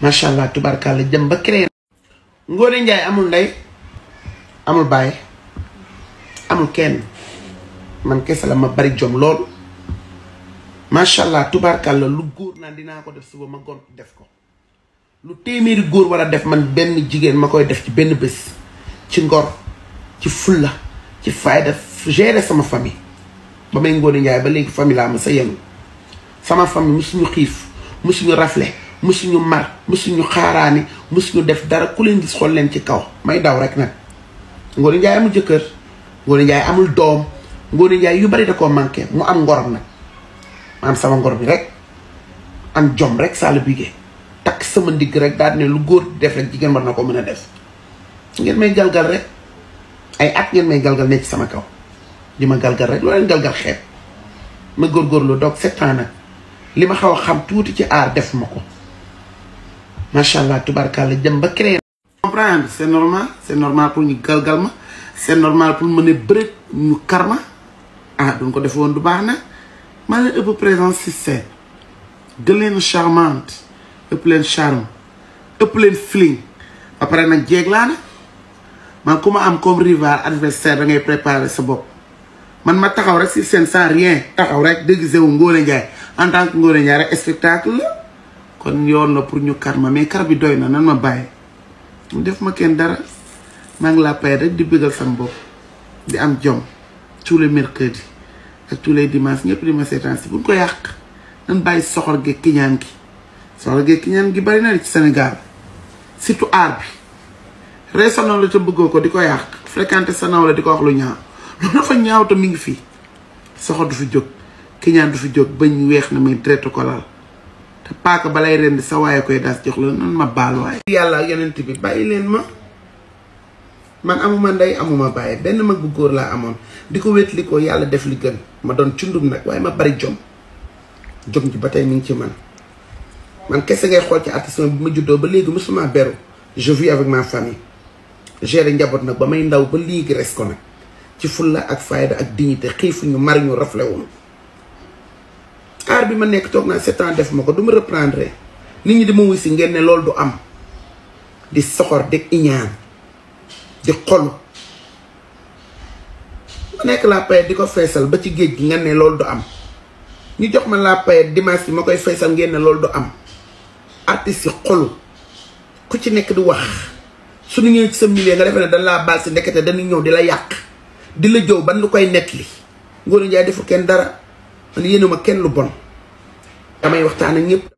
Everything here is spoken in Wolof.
macha allah tubarkalla jëm ba créé. Ngoné Ndiaye amul ndey amul baay amul kenn man kese la ma bari jom lool macha allah la lu góor naa dinaa ko def suba ma gont def ko. lu téeméeri góor war def man benn jigéen ma koy def ci benn bés ci ngor ci fulla ci fayda gérer sama famille ba may Ngoné Ndiaye ba léegi famille laa ma sa yenu sama famille musuñu xiif musuñu rafle ma mësuñu mar mësuñu xaaraani mësuñu def dara ku leen gis xool leen ci kaw may daw rek nag Ngoné Ndiaye amul jëkkër Ngoné Ndiaye amul doom Ngoné Ndiaye yu bari da koo manqué mu am ngorom nag ma am sama ngorom bi rek am jom rek sàll bigee takk sama ndigg rek daal lu góor di def rek jigéen war na ko mën a def ngeen may galgal rek ay at ngeen may galgal ne ci sama kaw di ma galgal rek loo leen galgal xeeb ma góorgóorlu doog sept ans nag li ma xaw a xam tuuti ci aar def ma ko macha allah tubarkalla jëm ba créer. comprendre c' normal c' normal pour ñu galgal ma c' normal pour mën a bëri ñu kar ma ah duñ ko def woon du baax na man leen ëpp présence si scène gën leen charmante ëpp leen charme ëpp leen feeling ba pare nag jeeg laa na man ku ma am comme rival adversaire da préparer sa bopp man ma taxaw rek si scène sans rien taxaw rek déguisé wu Ngone Ndiaye en tant que rek spectacle kon yoon la pour ñu kar ma mais kar bi doy na nan ma mu def ma ken dara ma ngi la pay rek di bëggal sam bop di am jom tous les mercredis ak tous les dimanches ñepp di ma sétan ci bu ko yak nan bàyyi soxor ge kiñan gi soxor ge kiñan gi bari na ci Sénégal surtout ar bi resa non la te bëggo ko di ko fréquenté sa nawle di ko wax lu ñaaw na fa ñaaw te mi ngi fi soxor du fi jog kiñan du fi jog bañ wéx na may traité ko laal te paaka balay rendi sa waaye koy das jox la nan ma baal waaye yàlla ak yonent bi bàyyi leen ma man amuma ndey amuma bàyyi benn mag bu góor laa amoon di ko wétli ko yàlla def li gën ma doon cundum nag waaye ma bari jom jom ji ba tey mi ngi ci man man kese ngay xool ci artiste bi ma juddoo ba léegi musuma beru je vis avec ma famille njaboot nag ba may ndaw ba léegi res ko nag ci fulla ak fayda ak dignité xiifuñu mariñu raflewuñu bi ma nek tok na sept ans def mako duma reprendre nit ñi dama ma ngeen ne loolu du am di soxor de iñaan di xol ma nek la paye diko fessel ba ci geej gi ngeen ne loolu du am ñu jox ma la paye dimanche bi ma koy feesal ngeen ne loolu du am artiste xol ku ci nek du wax suñu ñew ci sa milier nga defee ne dañ laa baal si ndekete dañuy ñew di la yàq di la jow ban lu koy nett li Ngor Njaay defu kenn dara man yéenuma kenn lu bon damay waxtaan ak ñëpp